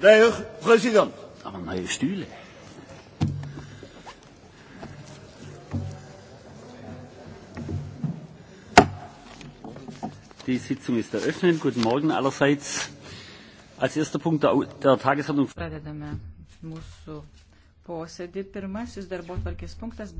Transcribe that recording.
De heer president. Aber neue Stühle. Die Sitzung ist eröffnet. Guten Morgen allerseits. Als erster Punkt der, der Tagesordnung. Pradedame mūsų posėdį. Pirmasis darbo tvarkės punktas.